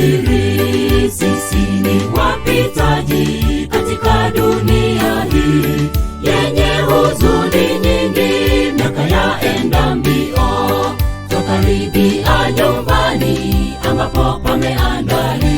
tumehubiri, sisi ni wapitaji katika dunia hii yenye huzuni nyingi. Miaka yaenda mbio, twakaribia nyumbani ambapo pameandaliwa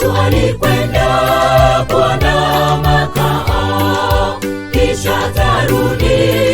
Yesu alikwenda Bwana makao, kisha tarudi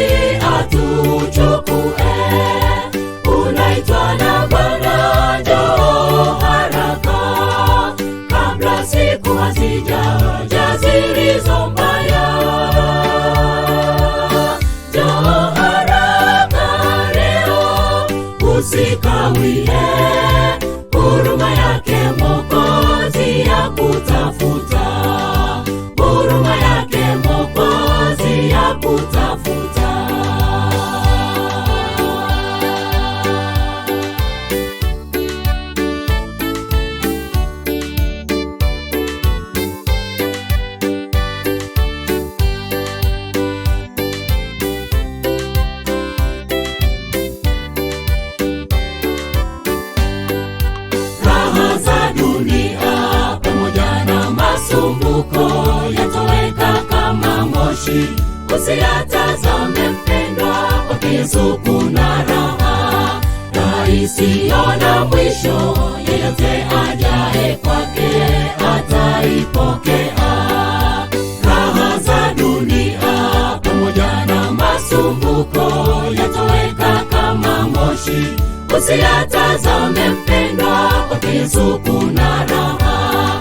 isiona mwisho. Yeyote ajaye kwake ataipokea raha za dunia pamoja na masumbuko yatoweka kama moshi. Usiyatazame mpendwa, kwake Yesu kuna raha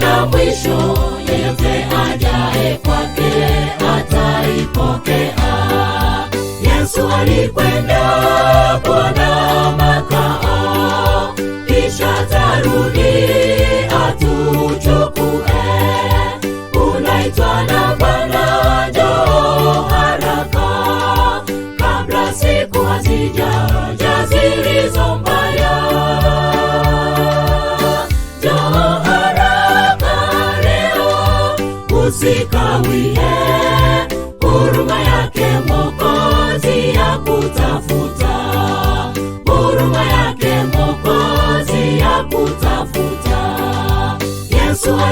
na mwisho. Yeyote ajaye kwake ataipokea Yesu alikwenda Bwana makaa kisha tarudi atuchukue. Unaitwa na Bwana, njoo haraka, kabla siku hazijaja zilizo mbaya. Njoo haraka leo, usikawie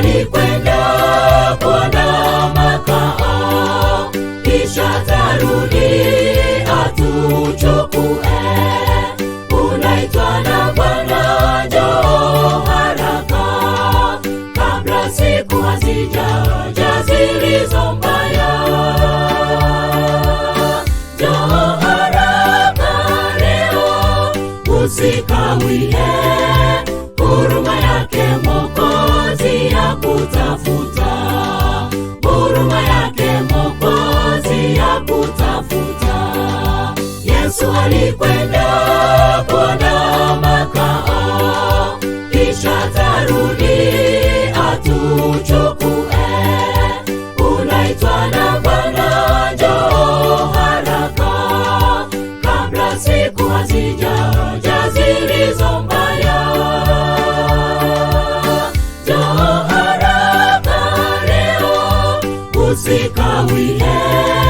mbali kwenda kwana makaa, kisha tarudi atuchukue. Unaitwa na Bwana, njoo haraka, kabla siku hazijaja zilizo mbaya. Njoo haraka leo, usikawie huruma yake Mokozi ya kutafuta. Yesu alikwenda kuona makao, kisha tarudi atuchukue. Unaitwa na Bwana, njoo haraka, kabla siku hazija usikawie